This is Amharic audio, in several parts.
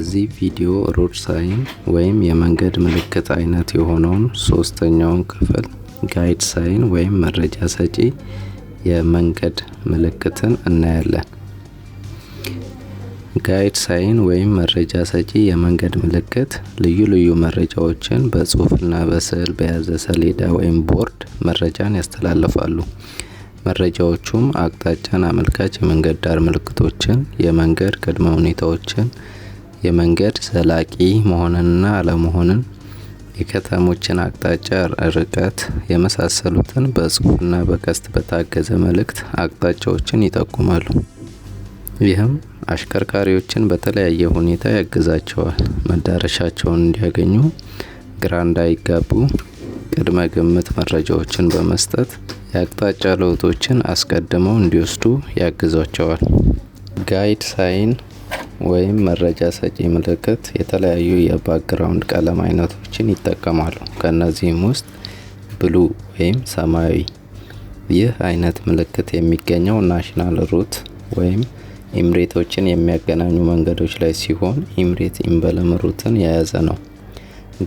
በዚህ ቪዲዮ ሮድ ሳይን ወይም የመንገድ ምልክት አይነት የሆነውን ሶስተኛውን ክፍል ጋይድ ሳይን ወይም መረጃ ሰጪ የመንገድ ምልክትን እናያለን። ጋይድ ሳይን ወይም መረጃ ሰጪ የመንገድ ምልክት ልዩ ልዩ መረጃዎችን በጽሁፍና በስዕል በያዘ ሰሌዳ ወይም ቦርድ መረጃን ያስተላልፋሉ። መረጃዎቹም አቅጣጫን አመልካች የመንገድ ዳር ምልክቶችን፣ የመንገድ ቅድመ ሁኔታዎችን የመንገድ ዘላቂ መሆንንና አለመሆንን የከተሞችን አቅጣጫ፣ ርቀት የመሳሰሉትን በጽሁፍና በቀስት በታገዘ መልእክት አቅጣጫዎችን ይጠቁማሉ። ይህም አሽከርካሪዎችን በተለያየ ሁኔታ ያግዛቸዋል። መዳረሻቸውን እንዲያገኙ፣ ግራ እንዳይጋቡ ቅድመ ግምት መረጃዎችን በመስጠት የአቅጣጫ ለውጦችን አስቀድመው እንዲወስዱ ያግዛቸዋል። ጋይድ ሳይን ወይም መረጃ ሰጪ ምልክት የተለያዩ የባክግራውንድ ቀለም አይነቶችን ይጠቀማሉ። ከእነዚህም ውስጥ ብሉ ወይም ሰማያዊ። ይህ አይነት ምልክት የሚገኘው ናሽናል ሩት ወይም ኢምሬቶችን የሚያገናኙ መንገዶች ላይ ሲሆን ኢምሬት ኢምበለም ሩትን የያዘ ነው።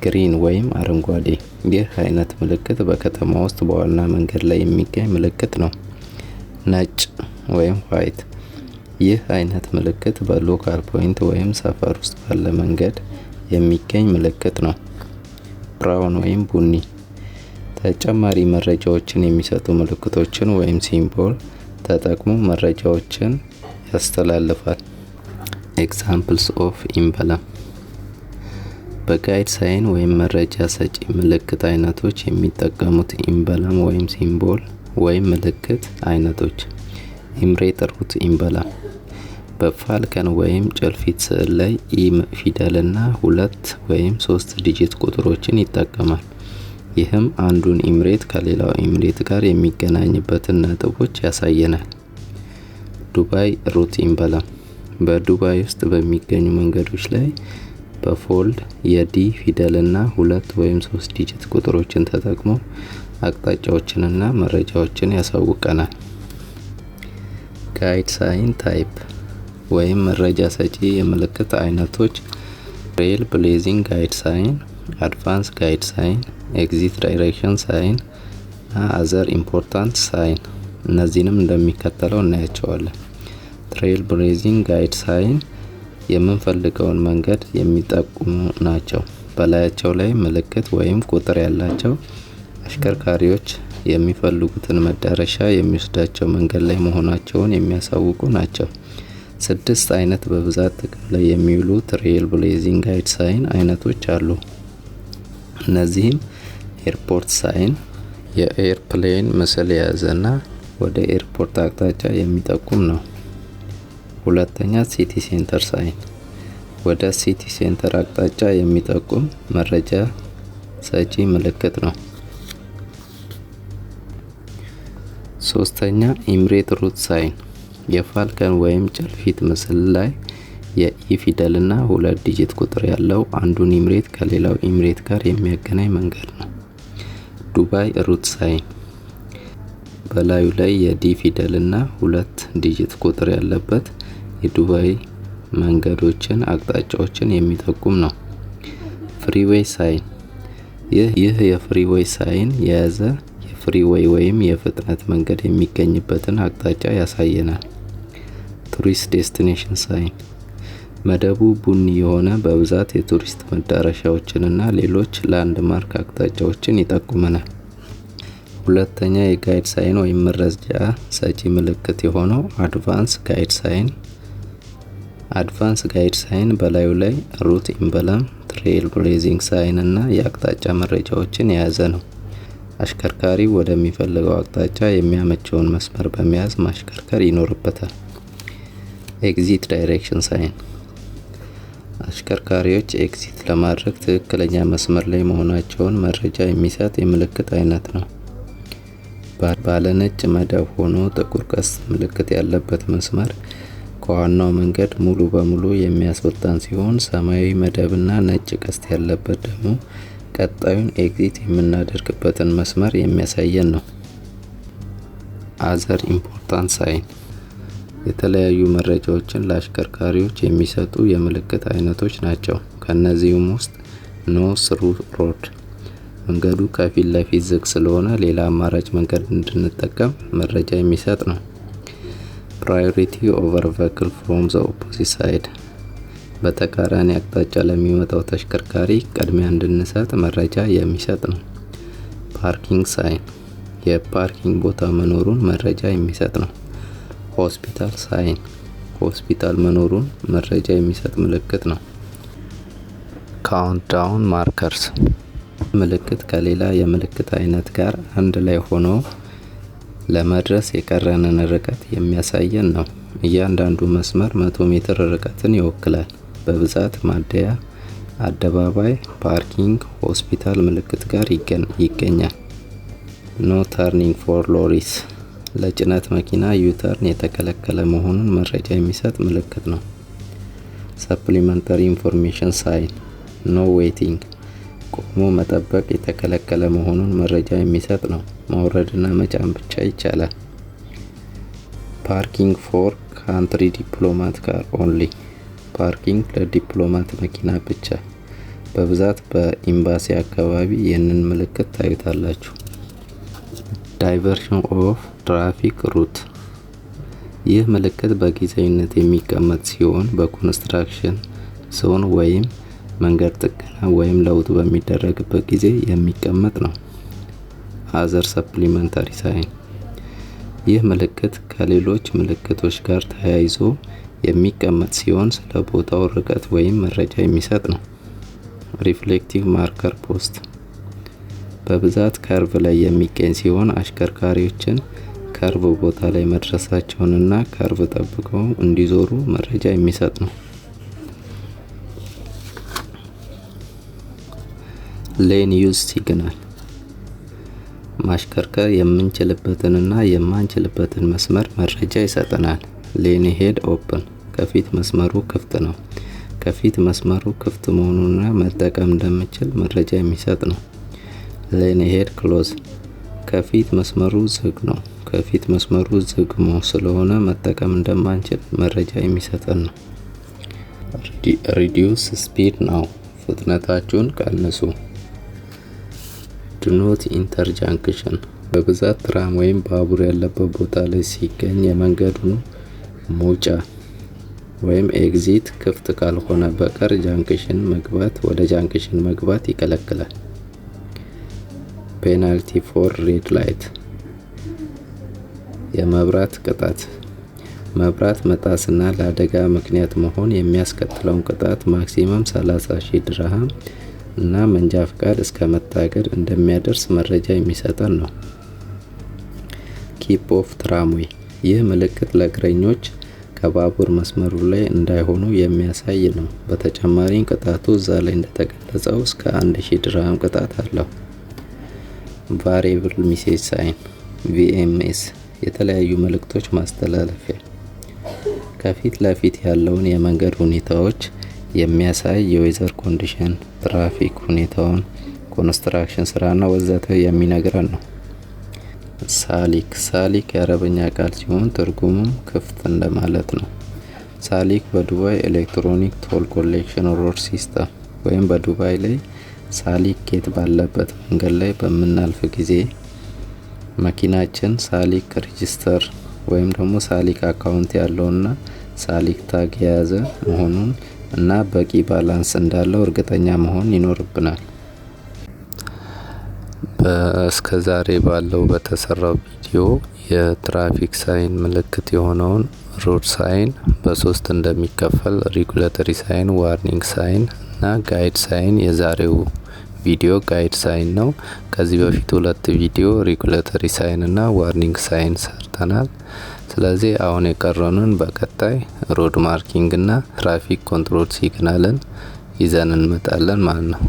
ግሪን ወይም አረንጓዴ። ይህ አይነት ምልክት በከተማ ውስጥ በዋና መንገድ ላይ የሚገኝ ምልክት ነው። ነጭ ወይም ዋይት ይህ አይነት ምልክት በሎካል ፖይንት ወይም ሰፈር ውስጥ ባለ መንገድ የሚገኝ ምልክት ነው። ብራውን ወይም ቡኒ ተጨማሪ መረጃዎችን የሚሰጡ ምልክቶችን ወይም ሲምቦል ተጠቅሞ መረጃዎችን ያስተላልፋል። ኤግዛምፕልስ ኦፍ ኢምበለም በጋይድ ሳይን ወይም መረጃ ሰጪ ምልክት አይነቶች የሚጠቀሙት ኢምበለም ወይም ሲምቦል ወይም ምልክት አይነቶች ኢምሬት ሩት ኢምበለም በፋልከን ወይም ጭልፊት ስዕል ላይ ኢ ፊደልና ሁለት ወይም ሶስት ዲጂት ቁጥሮችን ይጠቀማል። ይህም አንዱን ኢምሬት ከሌላው ኢምሬት ጋር የሚገናኝበትን ነጥቦች ያሳየናል። ዱባይ ሩት ይንበላም በዱባይ ውስጥ በሚገኙ መንገዶች ላይ በፎልድ የዲ ፊደልና ሁለት ወይም ሶስት ዲጂት ቁጥሮችን ተጠቅሞ አቅጣጫዎችንና መረጃዎችን ያሳውቀናል። ጋይድ ሳይን ታይፕ ወይም መረጃ ሰጪ የምልክት አይነቶች ትሬል ብሌዚንግ ጋይድ ሳይን፣ አድቫንስ ጋይድ ሳይን፣ ኤግዚት ዳይሬክሽን ሳይን እና አዘር ኢምፖርታንት ሳይን። እነዚህንም እንደሚከተለው እናያቸዋለን። ትሬል ብሌዚንግ ጋይድ ሳይን የምንፈልገውን መንገድ የሚጠቁሙ ናቸው። በላያቸው ላይ ምልክት ወይም ቁጥር ያላቸው አሽከርካሪዎች የሚፈልጉትን መዳረሻ የሚወስዳቸው መንገድ ላይ መሆናቸውን የሚያሳውቁ ናቸው። ስድስት አይነት በብዛት ጥቅም ላይ የሚውሉ ትሬይል ብሌዚንግ ጋይድ ሳይን አይነቶች አሉ። እነዚህም ኤርፖርት ሳይን፣ የኤርፕሌን ምስል የያዘና ወደ ኤርፖርት አቅጣጫ የሚጠቁም ነው። ሁለተኛ ሲቲ ሴንተር ሳይን፣ ወደ ሲቲ ሴንተር አቅጣጫ የሚጠቁም መረጃ ሰጪ ምልክት ነው። ሶስተኛ ኢምሬት ሩት ሳይን የፋልከን ወይም ጨልፊት ምስል ላይ የኢ ፊደልና ሁለት ዲጂት ቁጥር ያለው አንዱን ኢምሬት ከሌላው ኢምሬት ጋር የሚያገናኝ መንገድ ነው። ዱባይ ሩት ሳይን በላዩ ላይ የዲ ፊደልና ሁለት ዲጂት ቁጥር ያለበት የዱባይ መንገዶችን አቅጣጫዎችን የሚጠቁም ነው። ፍሪዌይ ሳይን ይህ የፍሪዌይ ሳይን የያዘ ፍሪዌይ ወይም የፍጥነት መንገድ የሚገኝበትን አቅጣጫ ያሳየናል። ቱሪስት ዴስቲኔሽን ሳይን መደቡ ቡኒ የሆነ በብዛት የቱሪስት መዳረሻዎችንና ሌሎች ላንድማርክ አቅጣጫዎችን ይጠቁመናል። ሁለተኛ የጋይድ ሳይን ወይም መረጃ ሰጪ ምልክት የሆነው አድቫንስ ጋይድ ሳይን አድቫንስ ጋይድ ሳይን በላዩ ላይ ሩት ኢምበለም ትሬል ብሌዚንግ ሳይን እና የአቅጣጫ መረጃዎችን የያዘ ነው። አሽከርካሪ ወደሚፈልገው አቅጣጫ የሚያመቸውን መስመር በመያዝ ማሽከርከር ይኖርበታል። ኤግዚት ዳይሬክሽን ሳይን አሽከርካሪዎች ኤግዚት ለማድረግ ትክክለኛ መስመር ላይ መሆናቸውን መረጃ የሚሰጥ የምልክት አይነት ነው። ባለነጭ መደብ ሆኖ ጥቁር ቀስት ምልክት ያለበት መስመር ከዋናው መንገድ ሙሉ በሙሉ የሚያስወጣን ሲሆን ሰማያዊ መደብና ነጭ ቀስት ያለበት ደግሞ ቀጣዩን ኤግዚት የምናደርግበትን መስመር የሚያሳየን ነው። አዘር ኢምፖርታንት ሳይን የተለያዩ መረጃዎችን ለአሽከርካሪዎች የሚሰጡ የምልክት አይነቶች ናቸው። ከእነዚህም ውስጥ ኖ ስሩ ሮድ መንገዱ ከፊት ለፊት ዝግ ስለሆነ ሌላ አማራጭ መንገድ እንድንጠቀም መረጃ የሚሰጥ ነው። ፕራዮሪቲ ኦቨር ቨክል ፍሮም ዘ ኦፖዚት ሳይድ በተቃራኒ አቅጣጫ ለሚመጣው ተሽከርካሪ ቅድሚያ እንድንሰጥ መረጃ የሚሰጥ ነው። ፓርኪንግ ሳይን የፓርኪንግ ቦታ መኖሩን መረጃ የሚሰጥ ነው። ሆስፒታል ሳይን ሆስፒታል መኖሩን መረጃ የሚሰጥ ምልክት ነው። ካውንትዳውን ማርከርስ ምልክት ከሌላ የምልክት አይነት ጋር አንድ ላይ ሆኖ ለመድረስ የቀረንን ርቀት የሚያሳየን ነው። እያንዳንዱ መስመር መቶ ሜትር ርቀትን ይወክላል። በብዛት ማደያ፣ አደባባይ፣ ፓርኪንግ፣ ሆስፒታል ምልክት ጋር ይገኛል። ኖ ተርኒንግ ፎር ሎሪስ ለጭነት መኪና ዩተርን የተከለከለ መሆኑን መረጃ የሚሰጥ ምልክት ነው። ሰፕሊመንተሪ ኢንፎርሜሽን ሳይን ኖ ዌቲንግ ቆሞ መጠበቅ የተከለከለ መሆኑን መረጃ የሚሰጥ ነው። መውረድና መጫን ብቻ ይቻላል። ፓርኪንግ ፎር ካንትሪ ዲፕሎማት ካር ኦንሊ ፓርኪንግ ለዲፕሎማት መኪና ብቻ። በብዛት በኢምባሲ አካባቢ ይህንን ምልክት ታዩታላችሁ። ዳይቨርሽን ኦፍ ትራፊክ ሩት ይህ ምልክት በጊዜያዊነት የሚቀመጥ ሲሆን በኮንስትራክሽን ዞን ወይም መንገድ ጥገና ወይም ለውጥ በሚደረግበት ጊዜ የሚቀመጥ ነው። አዘር ሰፕሊመንታሪ ሳይን ይህ ምልክት ከሌሎች ምልክቶች ጋር ተያይዞ የሚቀመጥ ሲሆን ስለ ቦታው ርቀት ወይም መረጃ የሚሰጥ ነው። ሪፍሌክቲቭ ማርከር ፖስት በብዛት ከርቭ ላይ የሚገኝ ሲሆን አሽከርካሪዎችን ከርቭ ቦታ ላይ መድረሳቸውንና ከርቭ ጠብቀው እንዲዞሩ መረጃ የሚሰጥ ነው። ሌን ዩዝ ሲግናል ማሽከርከር የምንችልበትንና የማንችልበትን መስመር መረጃ ይሰጠናል። ሌንሄድ ኦፕን ከፊት መስመሩ ክፍት ነው። ከፊት መስመሩ ክፍት መሆኑና መጠቀም እንደምችል መረጃ የሚሰጥ ነው። ሄድ ክሎዝ ከፊት መስመሩ ዝግ ነው። ከፊት መስመሩ ዝግ ስለሆነ መጠቀም እንደማንችል መረጃ የሚሰጠን ነው። ሪዲዩስ ስፒድ ነው። ፍጥነታችሁን ቀንሱ። ድኖት ኢንተርጃንክሽን በብዛት ትራም ወይም ባቡር ያለበት ቦታ ላይ ሲገኝ የመንገዱን መውጫ ወይም ኤግዚት ክፍት ካልሆነ በቀር ጃንክሽን መግባት ወደ ጃንክሽን መግባት ይከለክላል። ፔናልቲ ፎር ሬድ ላይት የመብራት ቅጣት መብራት መጣስና ለአደጋ ምክንያት መሆን የሚያስከትለውን ቅጣት ማክሲመም 30 ሺህ ድርሃም እና መንጃ ፍቃድ እስከ መታገድ እንደሚያደርስ መረጃ የሚሰጠን ነው። ኪፕ ኦፍ ትራምዌይ ይህ ምልክት ለእግረኞች ከባቡር መስመሩ ላይ እንዳይሆኑ የሚያሳይ ነው። በተጨማሪም ቅጣቱ እዛ ላይ እንደተገለጸው እስከ 1000 ድርሃም ቅጣት አለው። ቫሪብል ሚሴጅ ሳይን ቪኤምኤስ የተለያዩ መልእክቶች ማስተላለፊያ ከፊት ለፊት ያለውን የመንገድ ሁኔታዎች የሚያሳይ የዌዘር ኮንዲሽን፣ ትራፊክ ሁኔታውን፣ ኮንስትራክሽን ስራና ወዘተ የሚነግረን ነው። ሳሊክ ሳሊክ የአረበኛ ቃል ሲሆን ትርጉሙም ክፍት እንደማለት ነው። ሳሊክ በዱባይ ኤሌክትሮኒክ ቶል ኮሌክሽን ሮድ ሲስተም ወይም በዱባይ ላይ ሳሊክ ጌት ባለበት መንገድ ላይ በምናልፍ ጊዜ መኪናችን ሳሊክ ሬጂስተር ወይም ደግሞ ሳሊክ አካውንት ያለውና ሳሊክ ታግ የያዘ መሆኑን እና በቂ ባላንስ እንዳለው እርግጠኛ መሆን ይኖርብናል። እስከ ዛሬ ባለው በተሰራው ቪዲዮ የትራፊክ ሳይን ምልክት የሆነውን ሮድ ሳይን በሶስት እንደሚከፈል ሪጉላተሪ ሳይን፣ ዋርኒንግ ሳይን እና ጋይድ ሳይን የዛሬው ቪዲዮ ጋይድ ሳይን ነው። ከዚህ በፊት ሁለት ቪዲዮ ሬጉላተሪ ሳይን እና ዋርኒንግ ሳይን ሰርተናል። ስለዚህ አሁን የቀረኑን በቀጣይ ሮድ ማርኪንግ እና ትራፊክ ኮንትሮል ሲግናልን ይዘን እንመጣለን ማለት ነው።